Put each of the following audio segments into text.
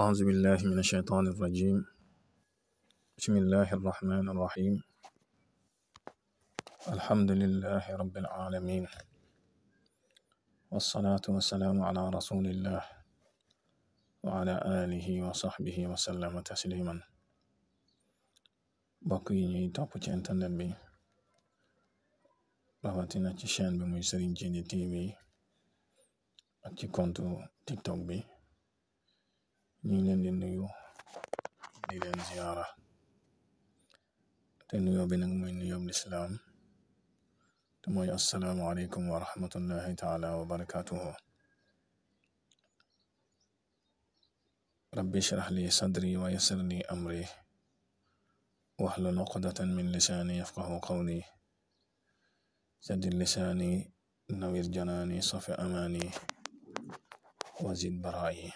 أعوذ بالله من الشيطان الرجيم بسم الله الرحمن الرحيم الحمد لله رب العالمين والصلاة والسلام على رسول الله وعلى آله وصحبه وسلم تسليما mbokk yi ñuy topp ci internet bi rawatina ci chaîne bi muy Serigne Djily TV ak ci compte TikTok bi ñu ngi leen di nuyu di leen ziyaara te nuyoo bi nag mooy nuyoob lislaam te mooy assalaamu aleykum wa rahmatullahi taala wa barakatuhu rabbi shrah li sadri wa yassir li amri waxlul uqdatan min lisaani yafqahu qawli saddid lisaani nawir janaani safi amaani wazid baraayi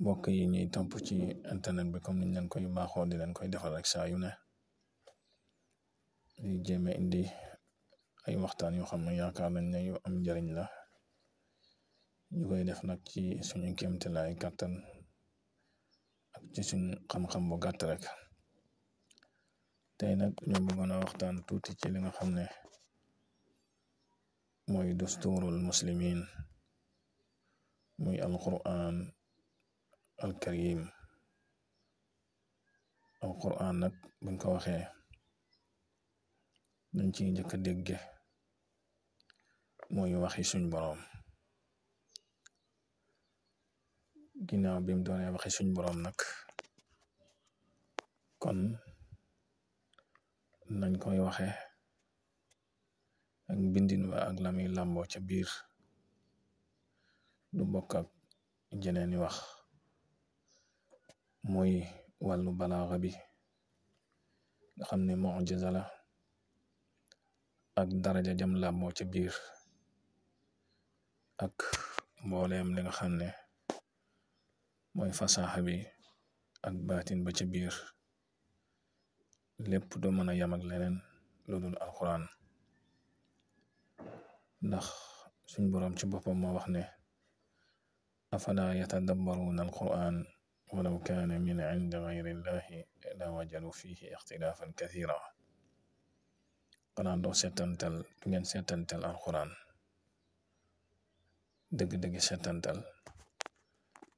mbokk yi ñuy topp ci internet bi comme niñ leen koy baaxoo di leen koy defal rek sayu yu ne di jéeme indi ay waxtaan yoo xam ne yaakaar nañ ne yu am njariñ la ñu koy def nag ci suñu kéemtalaay kàttan ak ci suñu xam-xam bu gàtt rek tey nag ñu bëggoon a waxtaan tuuti ci li nga xam ne mooy dusturul muslimin muy alquran alkarim al quran nag buñ ko waxe luñ ci njëkk a dégge mooy waxi suñ boroom ginnaaw bi mu doonee waxi suñ boroom nag kon nañ koy waxe ak bindin wa ak lami làmboo ca biir du bokk ak wax mooy wàllu balaaxa bi nga xam ne mujiza la ak daraja jam làmboo ca biir ak mbooleem li nga xam ne mooy fasaaxa bi ak baatin ba ca biir lépp du mën a yam ak leneen lu dul alquran ndax suñ boroom ci boppam moo wax ne afala yatadabbaruna alquran wala kaana min cindi gayri llahi la wajalu fihi ixtilaafan kasiira xanaa doo setantal du ngeen setantal alquran dëgg-dëgg setantal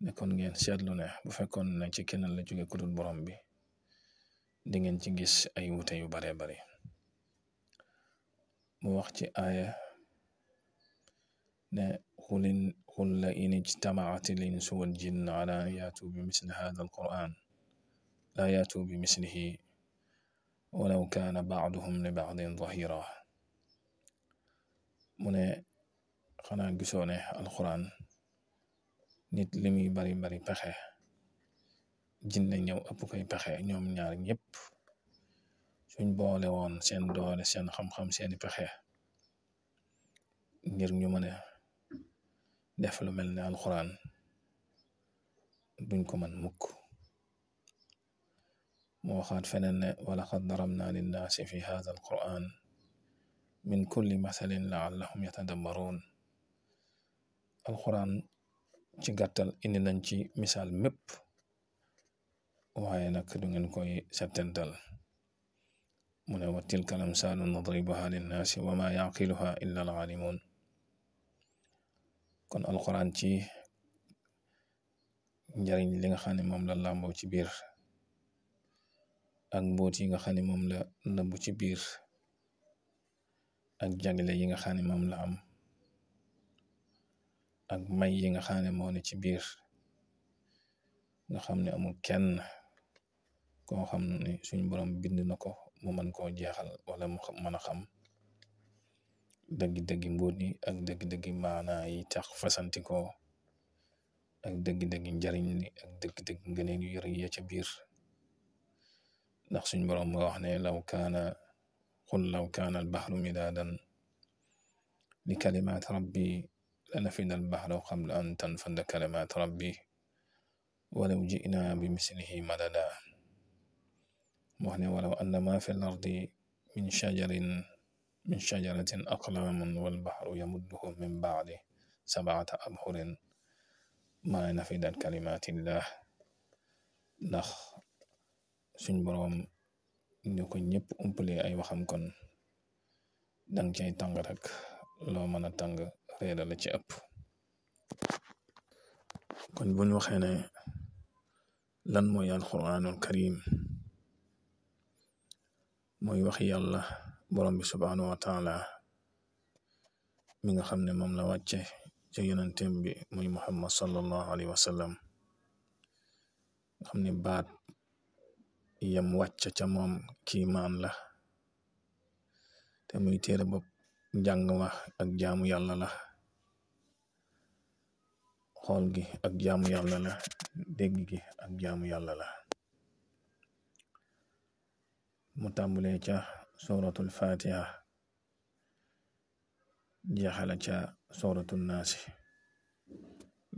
ne kon ngeen seetlu ne bu fekkoon ne ci keneen la jóge ku dul borom bi di ngeen ci gis ay wute yu bare bare mu wax ci aaya ne xulin qul in ijtamacati l-insu wal jinnu alaa bi misli haadha l-qur'aan laa yaatuu bi mislihi walaw kaana bacduhum li bacdin zahiira mu ne xanaa gisoo ne alqur'aan nit li muy bari bari pexe jinne ñëw ëpp pexe ñoom ñaar ñëpp suñ boole woon seen doole seen xam-xam seeni pexe ngir ñu mën def lu mel ne alxuraan duñ ko man mukk mu waxaat feneen ne walaqad daramna linnaasi fi hada alquran min kulli masalin laallahum yatadabbaruun alxuraan ci gàttal indi nañ ci misaal mépp waaye nag du ngeen koy settental mu ne wa tilka lamsaalu nadribuha linnaasi wa ma yaqiluha illa alaalimuun kon alxuraan ci njariñ li nga xam ne moom la làmboo ci biir ak mbóot yi nga xam ne moom la ci biir ak jagle yi nga xam ne moom la am ak may yi nga xam ne ci biir nga xam ne amul kenn koo xam ne suñu borom bind na ko mu mën koo jeexal wala mu mën a xam dëgg-dëggi mbóot yi ak dëgg-dëggi maanaa yi tax fasantikoo ak dëgg-dëggi njariñ li ak dëgg-dëgg ngëneel yu rëy ya ca biir ndax suñ borom moo wax ne law kaana qul law kaana albaxru midaadan li kalimaat rabbi lanafida albaxru qabla an tanfada kalimaat rabbi walaw jinaa bi madada wax walaw anna maa fi min shajarin min shajaratin aqlaamun wal bahru yamudduhu min ba'di sab'ati abhurin maa nafidat kalimatillah ndax suñ borom ni ko ñëpp umpale ay waxam kon dang cay tàng rek loo mën a tàng réera la ci ëpp kon buñ waxee ne lan mooy alquranul karim mooy wax yàlla borom bi subhaanahu wa mi nga xam ne moom la wàcce ci yonentem bi muy muhammad sallallahu alayhi wa xam ne baat yam wàcce ca moom kiimaan la te muy téere bopp njàng ma ak jaamu yàlla xool gi ak jaamu yàlla la dégg gi ak jaamu yàlla la mu tàmbulee ca suratul fatiha jeexala ca suratul naas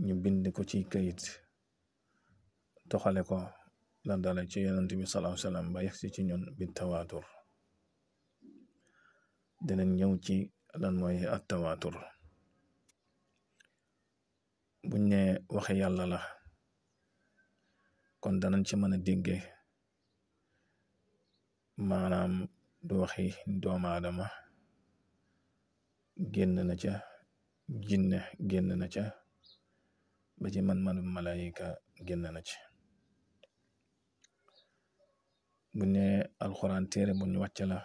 ñu bind ko ci kayit toxale ko la dala ci yonent bi salaahu salaam ba si ci ñun bi tawaatur dinañ ñëw ci lan mooy at tawaatur buñ ne waxe yàlla la kon danañ ci mën a dégge du waxi doomu aadama génn na ca jinne génn na ca ba ci man-manu malayika génn na ci bu ne alxuraan téere bu ñu wàcc la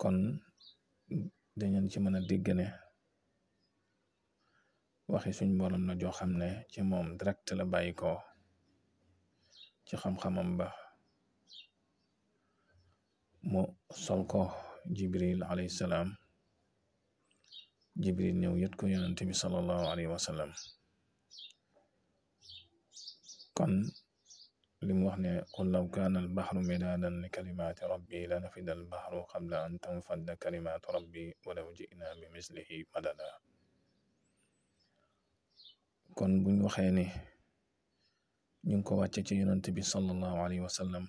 kon dañu ci mën a dégg ne waxi suñ borom la joo xam ne ci moom direct la bàyyi ci xam-xamam ba mu sol ko jibril alayhi salaam jibril ñëw yët ko yonent bi sallallahu alayhi wa kon li mu wax ne qul law kaana albaxru midaadan li kalimaati rabbi la nafida albaxru qabla an tanfadda kalimaatu rabbi walaw ji'na bi mislihi madada kon buñ waxee ñu ngi ko wàcce ci yonent bi sallallahu alayhi wa sallam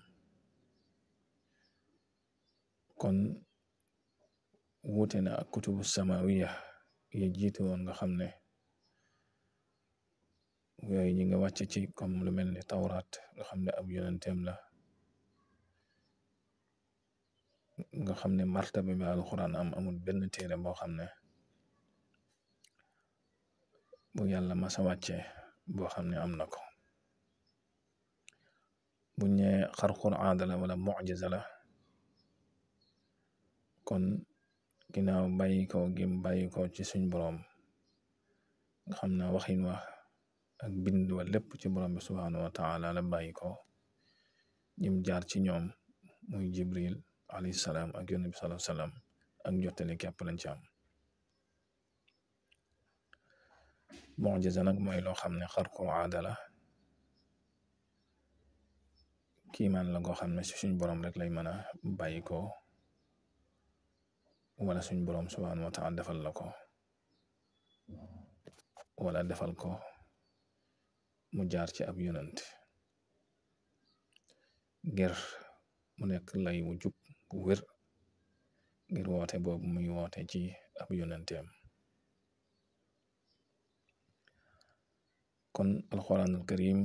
kon wuute na ak kutubu samawiya ya jiitu woon nga xam ne yooyu ñi nga wàcc ci comme lu mel ni tawraat nga xam ne ab yonenteem la nga xam ne martaba bi alxuraan am amul benn téere boo xam ne bu yàlla masa wàcce boo xam ne am na ko bu ñee xarxur aada la wala mujiza la kon ginnaaw bàyyi ko gim bàyyi ci suñ boroom nga xam na waxin wax ak bind wa lépp ci borom bi subhaanahu wa taala la bàyyi ko ñim jaar ci ñoom muy jibril alayhi salaam ak yonent bi sallallahu ak jottali képp lañ ci am mu'jiza nag mooy loo xam ne xarqu aada la kiimaan la goo xam ne ci suñ borom rek lay mën a bàyyi ko wala suñ borom subhaanahu wa taala defal la ko wala defal ko mu jaar ci ab yonant ngir mu nekk lay wu jub bu wér ngir woote boobu muy woote ci ab yonanteem kon alxuraanul karim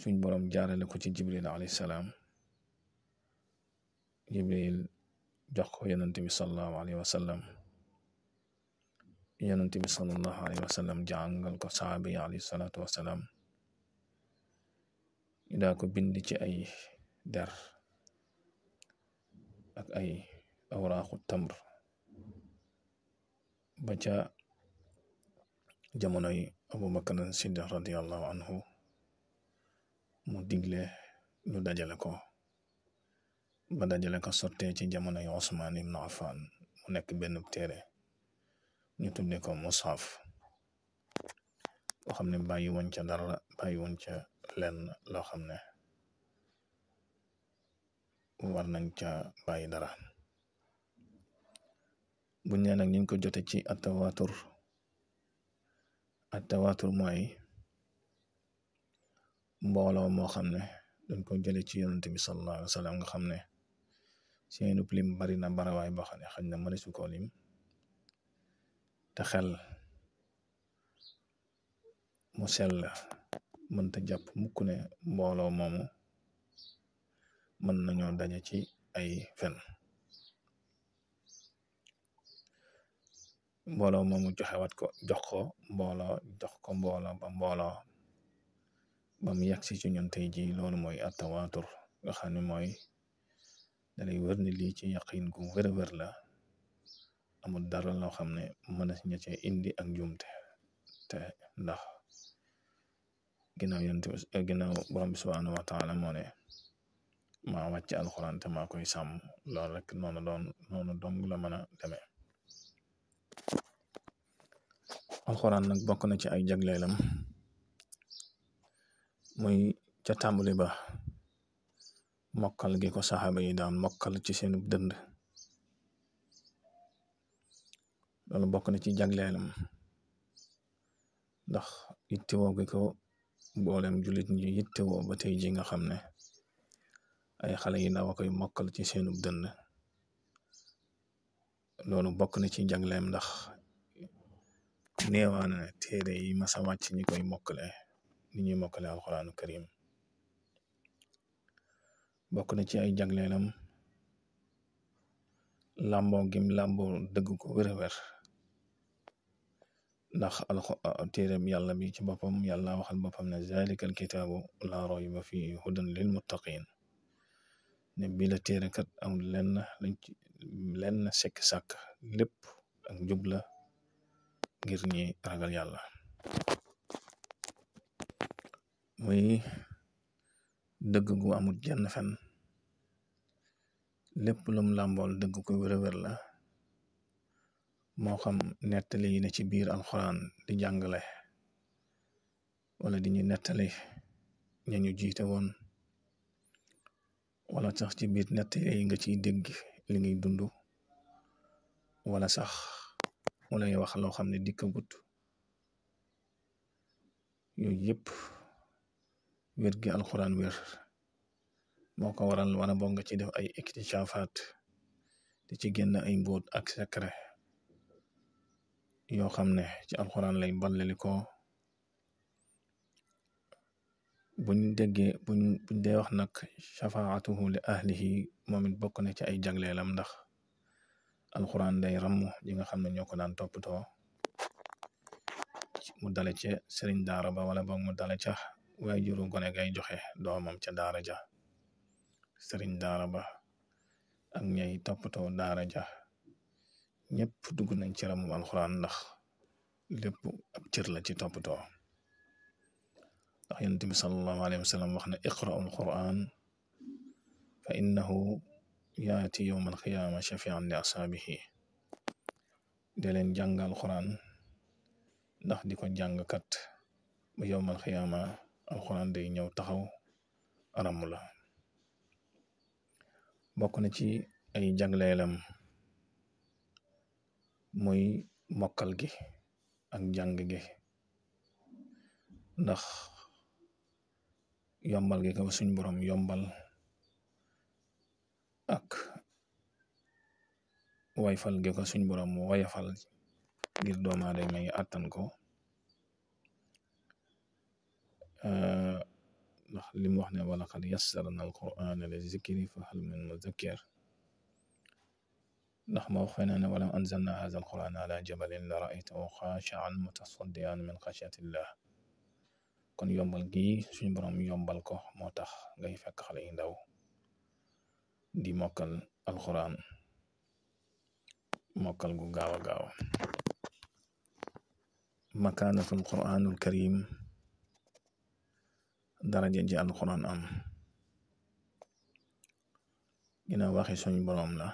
suñ boroom jaarale ko ci jibril alayhi salaam jibril jox ko yonent bi salallahu alayhi wa sallam yonent bi alayhi wa sallam jàngal ko saaba alayhi salaatu wasalaam ñu bind ci ay der ak ay awraaxu tamr ba ca jamonoy abubakar siddiq radiallahu anhu mu digle ñu dajale ko ba dajale ko sottee ci jamonoy Usmaan ibnu Affaan mu nekk benn téere ñu tuddee ko mushaf boo xam ne bàyyi woon ca dara bàyyi woon ca lenn loo xam ne war nañ ca bàyyi dara buñ nee nag ñu ko jote ci atawatur atawatur mooy mbooloo moo xam ne dañ ko jële ci yonante bi sallallahu alayhi wa nga xam ne seenu lim bari na barawaay boo xam ne xañ na mëneesu koo lim te xel mu sell mënta jàpp mukk ne mbooloo moomu mën nañoo daje ci ay fen mbooloo moomu joxewat ko jox ko mbooloo jox ko mbooloo ba mbooloo ba mu yegg si ci ñun tey ji loolu mooy attawaatur nga xam ne mooy dalay wër ne lii ci yaqin gu wër a la amul dara loo xam ne mën na si ña cee indi ak njuumte te ndax ginnaaw yonent ginnaaw borom bi subhaanahu wa taala moo ne maa wàcc alxuraan te maa koy sàmm loolu rek noonu dong la mën a demee nag bokk na ci ay jagleelam muy ca tàmbali ba mokkal gi ko saxaaba yi daan mokkal ci seen dënd loolu bokk na ci jagleelam ndax yittewoo gi ko mboolem jullit ñi yittewoo ba tey ji nga xam ne ay xale yi ndaw a koy mokkal ci seenu dënd loolu bokk na ci jagleem ndax neewaana téere yi masa wàcc ñi koy mokkale ni ñuy mokkale alxuraanu karim bokk na ci ay jagleelam làmboo gim làmboo dëgg ko wér-wér ndax alxu téereem yàlla bi ci boppam yàlla waxal boppam ne zalikal kitaabu laa rayba fiihi hudan lil muttaqiin ne bi la téere kat am lenn lenn sekk sàkk lépp ak njub la ngir ñi ragal yàlla muy dëgg gu amut jenn fen lépp lum làmbool dëgg ku wërëwër la moo xam nettali yi ci biir alxuraan di jàngale wala di ñu nettali ña jiite woon wala sax ci biir nettali yi nga ciy dégg li ngay dund wala sax mu lay wax loo xam ne dikkagut yooyu yépp wér gi wir moo ko waral wala boog nga ci def ay ictichaafaat di ci génn ay mbóot ak secret yoo xam ne ci alxuraan lay ballali ko buñ déggee buñ buñ dee wax nag shafaatuhu ahlihi moom it bokk na ci ay jagleelam ndax alxuraan day ramm yi nga xam ne ñoo ko daan toppatoo mu dale ca sëriñ daara ba wala boog mu dale ca waaye juru gone gay joxe doomam ca daara ja sëriñ daara ba ak ñay toppatoo daara ja ñëpp dugg nañ ci ramum ndax lépp ab cër la ci toppatoo ndax yen bi sallallahu alayhi wa sallam wax na iqra'u alquran fa innahu yaati yowm alqiyaama shafian li asaabihi de leen jàng alquran ndax di ko jàng kat bu yowm alqiyaama alxuraan day ñëw taxaw aramu la bokk na ci ay jagleelam muy mokkal gi ak jàng gi ndax yombal gi ko suñ borom yombal ak wayfal gi ko suñ borom wayfal ngir doomu aadama yi àttan ko ndax li mu wax ne wala xad yassarna alqurana li fa hal min muzakkir ndax ma wax feneen ne walaw anzalna hadha alqurana ala jabalin la ra'aytahu khashi'an mutasaddian min khashyati llah kon yombal gii suñu yombal ko moo tax ngay fekk xale yi ndaw di mokkal alquran mokkal gu gaaw a gaaw makaanatul quranul karim daraja ji alquran am ginnaaw waxe suñ boroom la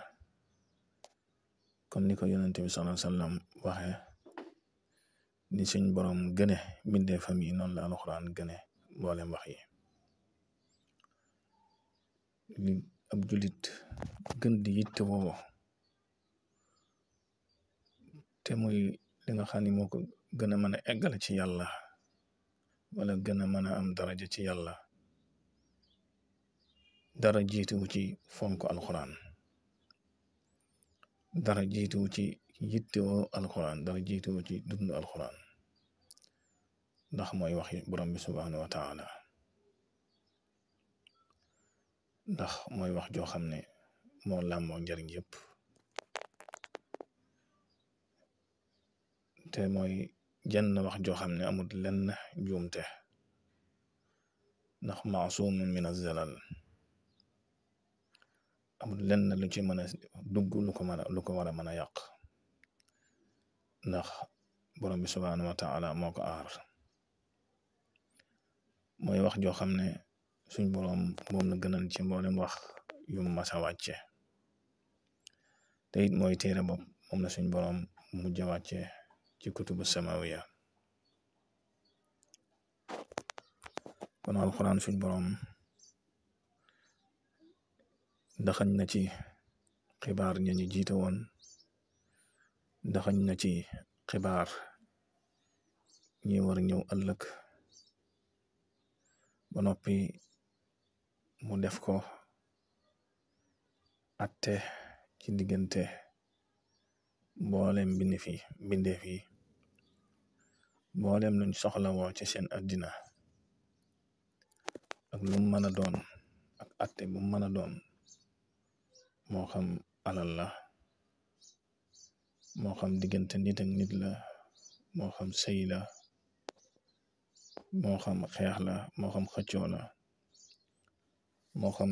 comme ni ko yonente bi sallallahu alayhi wasallam waxe ni suñ boroom gëne bindee famille noonu la alquran gëne mboolem wax yi li ab julit gën di yitte woo te muy li nga xam ni moo ko gën a mën a eggale ci yàlla wala gën a mën a am daraja ci yàlla dara jiituwu ci fonk alquran dara jiituwu ci yittewoo alquran dara jiituwu ci dund alquran ndax mooy wax borom bi subhaanahu wa taala ndax mooy wax joo xam ne moo làmmoo njariñ yëpp te mooy jenn wax joo xam ne amul lenn njuumte ndax maasuum min azzalal amul lu ci mën a dugg lu ko mën a lu ko war a mën a yàq ndax borom bi subhaanahu wa taala moo ko aar mooy wax joo xam ne suñ boroom moom la gënal ci mboolem wax yu mas a wàcce te it mooy téere bopp moom la suñ borom mujj a wàcce ci kutubu samawiya kon alxuraan suñ borom daxañ na ci xibaar ña ñu jiite woon daxañ na ci xibaar ñi war ñëw ëllëg ba noppi mu def ko atte ci diggante mboolem bind fi bindee fi mboolem luñ soxlawoo ci seen addina ak lu mën a doon ak atte bu mën a doon moo xam alal la moo xam diggante nit ak nit la moo xam sëy la moo xam xeex la moo xam xëccoo la moo xam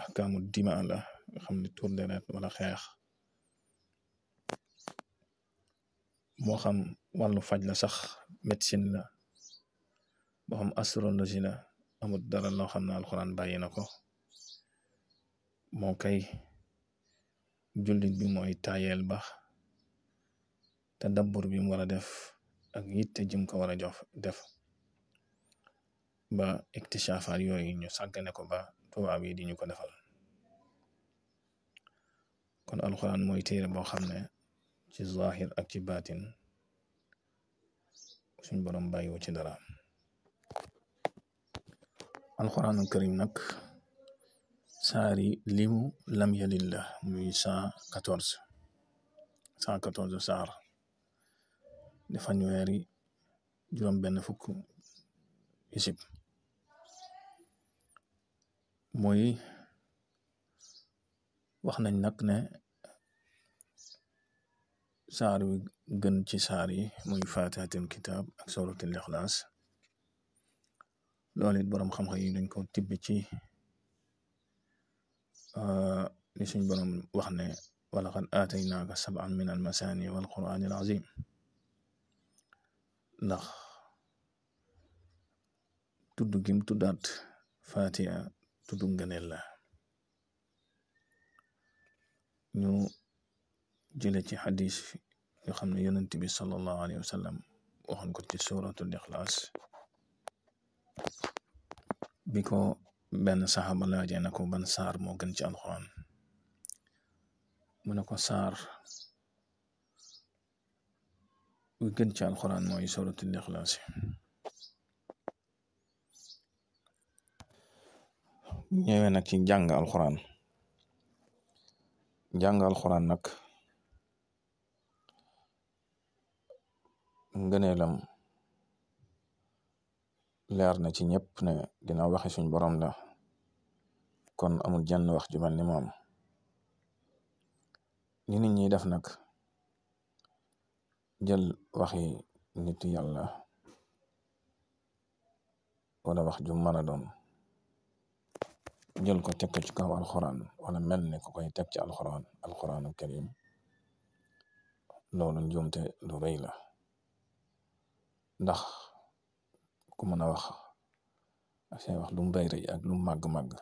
axkaamu dima la nga xam ne tour deret wala xeex moo xam wàllu faj la sax médecine na boo xam astrologie la amul dara loo xam ne alxuraan bàyyi na ko moo kay jullit bi mooy taayeel ba te dabbur bi mu war a def ak yitte jëm ko war a jox def ba iktishafaat yooyu ñu sàggane ko ba tubaab yi di ñu ko defal kon alxuraan mooy téere boo xam ne ci zahir ak ci baatin suñ borom bàyyiwu ci dara alxuraanul karim nag saari limu lam yalil la muy cent quatorze cent quatorze saar dafa juróom benn fukk isib muy wax nañ nag ne saar wi gën ci saar yi muy faataatil kitaab ak suratul ixlaas loolu it boroom xam-xam yi dañ ko tibb ci ah, li suñ boroom wax ne walaqad aataynaaka sab'an min almasaani wal qur'aan al azim ndax tudd gim tuddaat faatiha tudd la ñu jële ci xadis yoo xam ne yonent bi sallallahu alayhi wa sallam ko ci suratul ixlaas bi ko benn saxaaba laajee na ko ban saar moo gën ci alxuraan mu ne ko saar wi gën ci alxuraan mooy suratul ixlaas ñëwee nag ci jàng alxuraan jàng alxuraan nag ngëneelam leer na ci ñëpp ne ginnaaw waxi suñ borom la kon amul jenn wax ju mel ni moom ni nit def nag jël waxi nit yàlla wala wax ju mën doon jël ko teg ci kaw alxuraan wala mel ne ko koy teg ci alxuraan alxuraanu karim loolu njuumte lu ndax ku mën a wax ak say wax lu mu rëy rëy ak lu mu màgg-màgg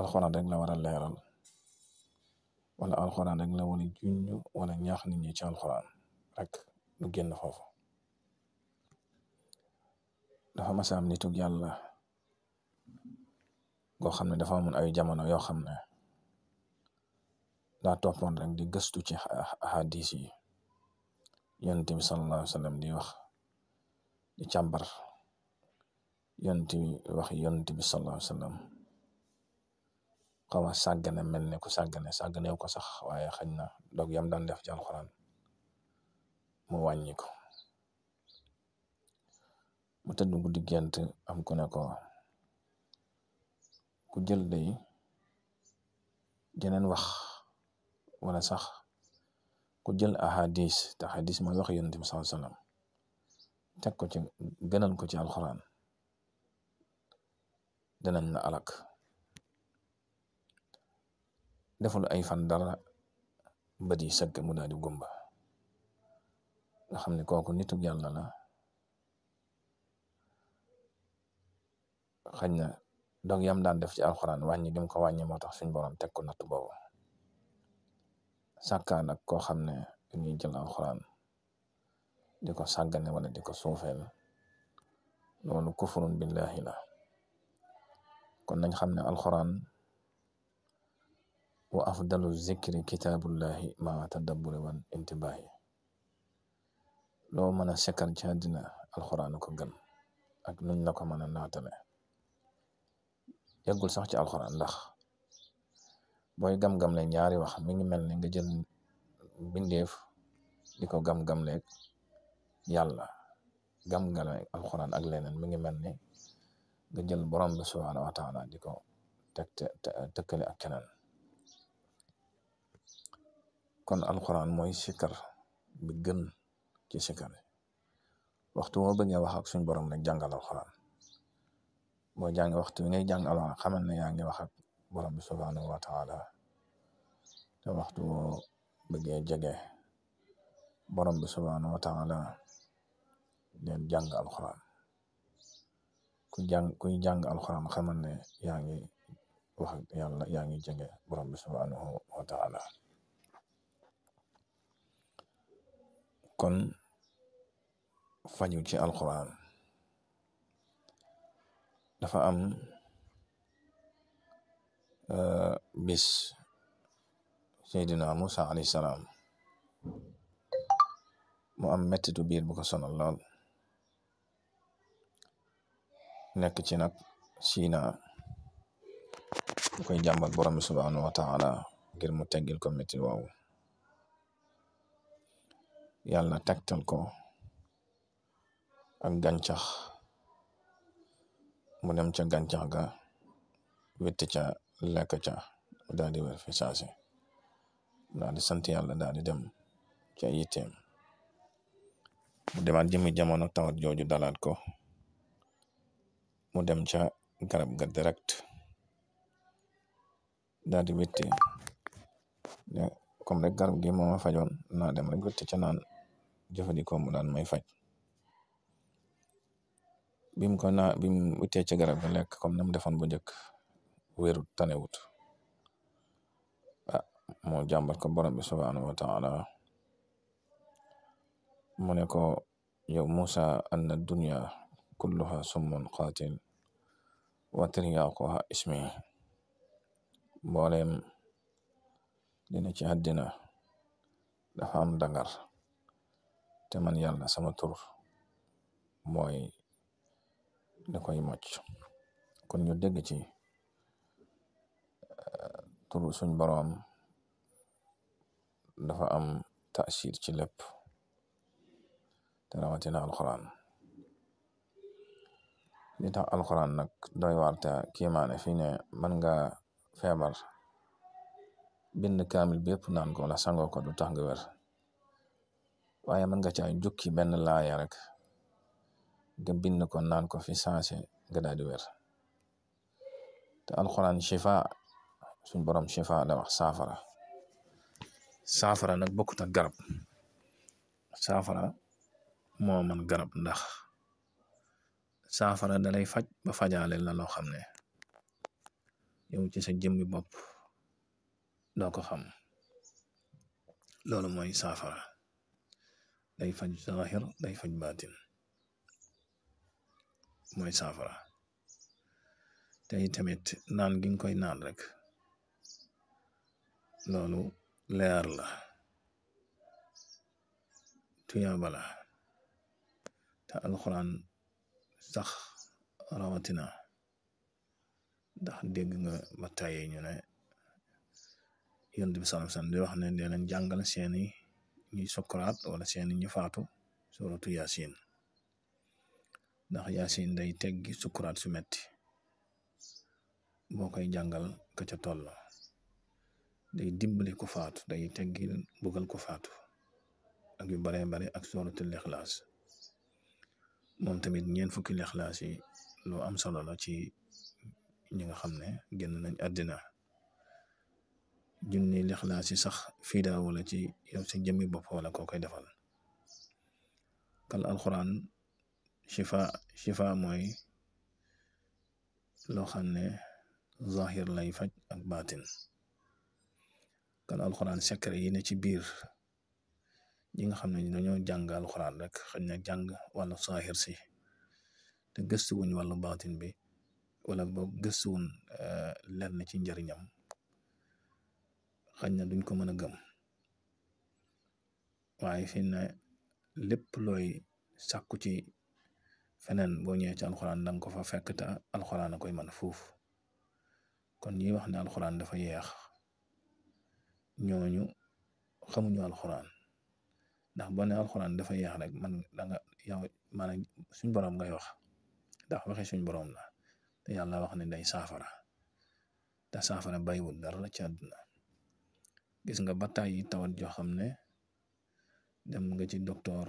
alxuraan rek la war a leeral wala alxuraan rek la war a junj wala ñaax nit ñi ci alxuraan rek lu génn foofu dafa mas a am nitug yàlla goo xam ne dafa amoon ay jamono yoo xam ne daa toppoon rek di gëstu ci ahadis yi yonent bi sallallahu alayhi wa sallam di wax di càmbar yonent bi wax yonent bi sallallahu alayhi wa xaw a sàggane mel ne ku sàggane sàgganew ko sax waaye xañ na dog yam daan def ci alxuraan mu wàññi ko mu tëdd guddi gent am ku ne ko ku jël day jeneen wax wala sax ku jël ahadis te ahadis mooy wax yonent bi sallallahu alayhi wasallam teg ko ci gënal ko ci alxuraan danañ la alak deful ay fan dara bët yi sëgg mu daal di gumba nga xam ne kooku nitu yàlla la xañ na donc yam daan def ci alxuraan wàññi dim ko wàññi moo tax suñ borom teg ko natt boobu sàkkaan ak koo xam ne dañuy jël alxuraan di ko sàggane wana di ko suufeel loolu kufrun billahi la kon nañ xam ne alxuraan wa afdalu zikri kitaabullahi maa tadabburi wan intibaahi loo mën a sekkal ci àddina alxuraan ko gën ak nuñ la ko mën a naatale yeggul sax ci alxuraan ndax booy gam gam le ñaari wax mi ngi mel ne nga jël bindeef di ko gam-gamleeg yàlla gam-gamleeg alxuraan ak leneen mi ngi mel ne nga jël borom bi subhaanahu wa taala di ko teg tëkkale ak keneen kon alxuraan mooy sikar bi gën ci sikar waxtu woo ba wax ak suñ borom rek jàngal alxuraan boo jàng waxtu bi ngay jàng alxuraan ne yaa ngi wax borom bi subhanahu wa taala te waxtu woo bëggee jege borom bi subhanahu wa taala den jàng ku jàng kuy jàng alxuraan xamal ne yaa ngi wax yàlla jege borom bi subhanahu wa kon faju ci alxuraan dafa am Euh, bis Seydina Musa alayhi salaam mu am mettitu biir bu ko sonal lool nekk ci nag siina koy jàmbat borom bi subhaanahu wa ngir mu teggil ko metti waaw yàlla tegtal ko ak gàncax mu dem ca gàncax ga wétt ca lekk ca mu daal di wér fi saasi daal sant yàlla daal di dem ca yitteem mu demaat jëmi jamono tawat jooju dalaat ko mu dem ca garab ga direct daal di witti comme rek garab gi moo ma fajoon naa dem rek witti ca naan jëfandikoo mu daan may faj bim ko naa bim wittee ca garab ga lekk comme na mu defoon bu njëkk wérut tanewut a ah, moo jàmbat ko borom bi subhanahu wa taala mu ne ko yow Musa anna dunya kulluha summun qaatil wa tiryaaquha ismi mbooleem dina ci àddina dafa am dangar te man yàlla sama tur mooy da koy mocc kon ñu dégg ci turu suñ boroom dafa am taasiir ci lépp te rawatina alxuraan li tax alxuraan nag doy waarta kiimaane fi ne mën nga feebar bind kaamil bépp naan ko wala sangoo ko du tax nga wér waaye mën nga caa jukki benn laaya rek nga bind ko naan ko fi saase nga daal wér te alxuraan shifa suñ borom shifa la saafara saafara nag bokkut ak garab saafara moo man garab ndax saafara dalay faj ba fajaale la loo xam ne yow ci sa jëmmi bopp doo ko xam loolu mooy saafara day faj zahir day faj baatin mooy saafara te tamit naan gi koy naan rek loolu leer la tuyaaba bala te alxuraan sax rawatina ndax dégg nga ba tàyyi ñu ne yonent bi sallallahu alayhi wasallam wax ne dee jàngal seeni ñuy sokaraat wala seeni ñu faatu suratu yaasin ndax yaasin day teggi sukuraat su metti boo koy jàngal ka ca toll day dimbali ku faatu day teggil mbugal ku faatu ak yu baree bare ak sooratul lixlaas moom tamit ñeent fukki lixlaas yi lu am solo la ci ñi nga xam ne génn nañ àddina junni lixlaas yi sax fidaawu la ci yow sa jëmmi bopp wala koo koy defal kal alxuraan shifa shifa mooy loo xam ne zahir lay faj ak baatin mokkal alxuraan secret yi ne ci biir ñi nga xam ne dañoo jàng alxuraan rek xañ na jàng wàllu saaxir si te gëstuwuñ wàllu baatin bi wala boog gëstuwuñ eh, na ci njariñam xañ na duñ ko mën a gëm waaye fi ne lépp looy sàkku ci feneen boo ñëwee ci alxuraan danga ko fa fekk te alxuraan a koy man fuuf kon ñi wax ne alxuraan dafa yeex ñooñu xamuñu alxuraan ndax boo nee alxuraan dafa yéex rek man da nga yow maanaam suñ borom ngay wax ndax waxe suñ borom la te yàlla wax ne day saafara te saafara bàyyiwul dara ci àdduna gis nga ba tàyyi tawat joo xam ne dem nga ci docteur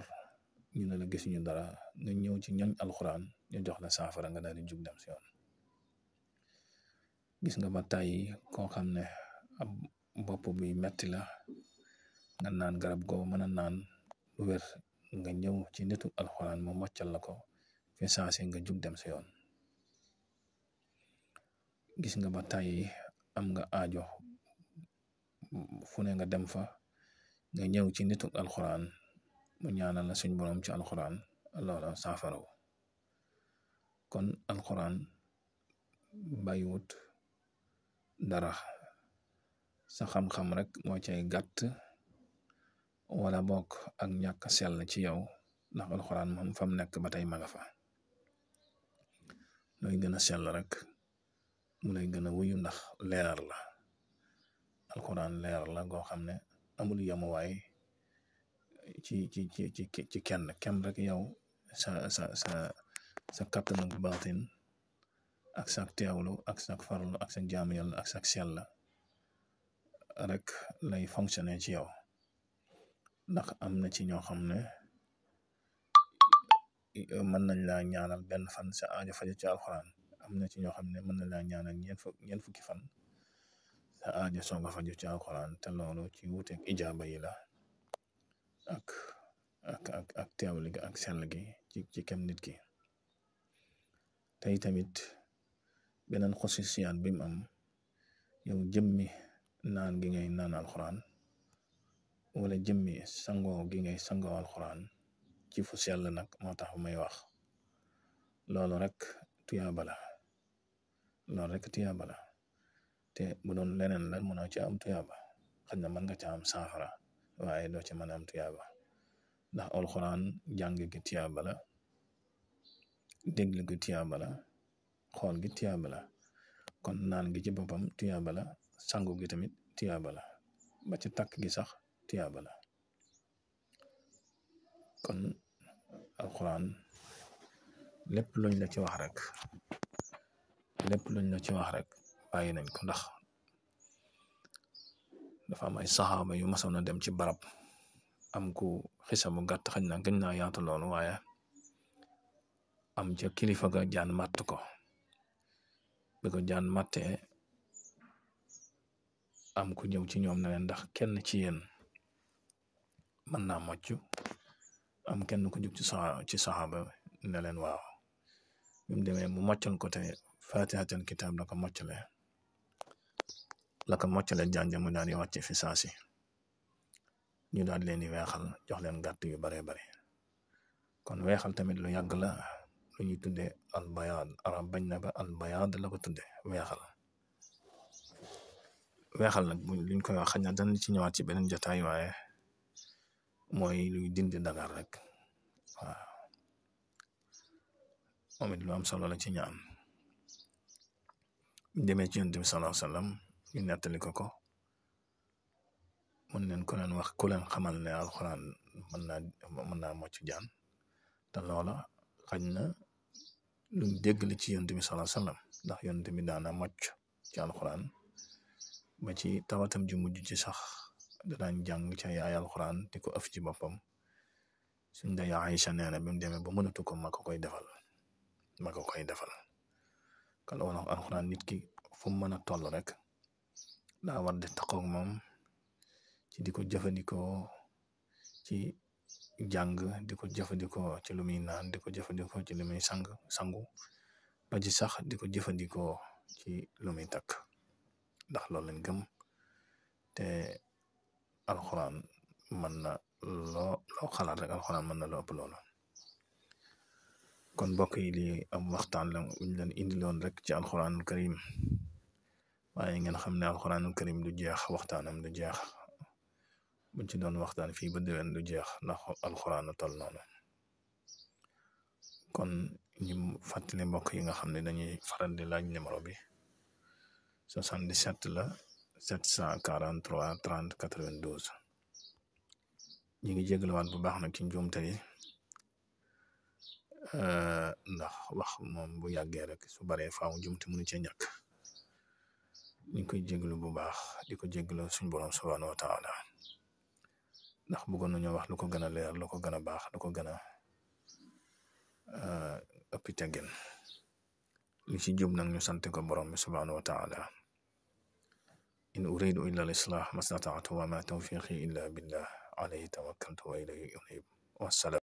ñu ne la gisuñu dara nga ñëw ci ñoñ alxuraan ñu jox la saafara nga daal di jug dem si yoon gis nga ba tàyyi xam ne bopp bi metti la nga naan garab goo mën a naan lu wér nga ñëw ci nitu alxuraan mu moccal la ko saasi nga jug dem sa yoon gis nga ba tàyyi am nga aajo fune nga dem fa nga ñëw ci nitu alxuraan mu ñaanal la suñ borom ci alxuraan loola saafaraw kon alxuraan bàyyiwut dara sa xam-xam rek moo cay gàtt wala bokk ak ñàkk sell ci yow ndax alxuraan moom fa nekk ba tey ma nga fa looy gën a sell rek mu lay gën a wuyu ndax leer la alxuraan leer la goo xam ne amul yamuwaay ci ci ci ci kenn kem rek yow sa sa sa sa kattan ak baatin ak sa ak sa farlu ak sa jaamu yàlla ak sa sell la rek lay fonctionner ci yow ndax am na ci ñoo xam ne mën nañ laa ñaanal benn fan sa aajo faju ci alxuraan am na ci ñoo xam ne mën nañ laa ñaanal ñeent fukk fukki fan sa aajo soog a faju ci alxuraan te loolu ci wuuteeg ijaaba yi la ak ak ak gi ci ci nit ki tey tamit beneen xosisiyaan bi mu am yow jëmmi naan gi ngay naan alxuraan wala jëmmi sangoo gi ngay sangoo alxuraan ci fu sell nag moo tax may wax loolu rek tuyaaba bala loolu rek tuyaaba bala te bu doon leneen la mënoo ci am tuyaaba xaj na mën nga ci am saafara waaye doo ci mën a am tuyaaba ndax alxuraan jàng gi tuyaaba la déglu gi tuyaaba la xool gi tuyaaba la kon naan gi ci boppam tuyaaba bala sangu gi tamit tiyaaba bala ba ci takk gi sax tiyaaba bala kon alxuraan lépp luñ la ci wax rek lépp luñ la ci wax rek bàyyi nañ ko ndax dafa am ay saxaaba yu masam a dem ci barab am ku xisa bu gàtt xañ na gën naa yaatu loolu waaye am ca kilifa ga jaan màtt ko bi ko jaan màttee am ku ñëw ci ñoom ne ndax kenn ci yéen mën naa mocc am kenn ku jóg ci sa ci saxaaba ne leen waaw bi mu mu moccal ko te faatihatan kitaab la ko moccale la ko moccale jànja mu daal di wàcce fi saasi ñu daal leen di weexal jox leen gàtt yu baree bare kon weexal tamit lu yàgg la lu ñuy tuddee albayaad arab bañ na ba albayaad la ko tuddee weexal weexal nag buñ liñ koy wax xëy na danañ ci ñëwaat ci beneen jotaay waaye mooy luy dindi dangar rek waaw moom it lu am solo la ci ñaan demee ci yonent bi sallallahu alayhi wasallam ñu nettali ko ko mën leen ku leen wax ku leen xamal ne alxuraan mën naa mën naa mocc jaan te loola xañ na luñ dégg la ci yonent bi sallallahu alayhi ndax yonent bi daana mocc ci alxuraan ba ci tawatam ji mujj ci sax daan jàng ci ay alxuraan di ko af ci boppam suñ day Aïcha nee na bi demee ba mënatu a ma ko koy defal ma koy defal kala nit ki fu mën a toll rek daa war di taxaw moom ci di ko jëfandikoo ci jàng di ko jëfandikoo ci lu muy naan di ko jëfandikoo ci lu muy sang sangu ba ci sax di ko jëfandikoo ci lu muy takk. ndax loolu lañ gëm te alxuraan mën na loo loo xalaat rek alxuraan mën na loo ëpp loolu kon mbokk yi lii am waxtaan la ñu leen indiloon rek ci alxuraanul karim waaye ngeen xam ne alxuraanul karim du jeex waxtaanam du jeex buñ ci doon waxtaan fii ba déwén du jeex ndax alxuraan toll noonu kon ñu fàttali mbokk yi nga xam ne dañuy faran di laaj numéro bi. 77 la 743 30 92 ñu ngi jégaluwaat bu baax nag ci njuumte yi ndax wax moom bu yàggee rek su baree faaw njuumte mënu ci ñàkk ñu ngi koy jégalu bu baax di ko jégalu suñ borom subhaanahu wa taala ndax bëggoon nañoo wax lu ko gën a leer lu ko gën a baax lu ko gën a ëppi teggin li ci jub nag ñu sant ko borom bi subhanahu wa taala in uridu illa al islah mastataatu wa ma tawfiqi billah alayhi tawakkaltu wa ilayhi unib wasalaam